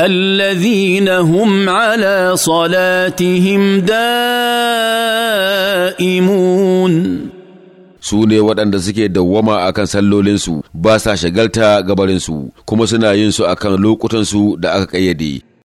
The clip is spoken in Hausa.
الذين هم على صلاتهم دائمون su ne waɗanda suke dawwama a kan sallolinsu ba sa shagalta gabarinsu kuma suna yin su a kan lokutansu da aka ƙayyade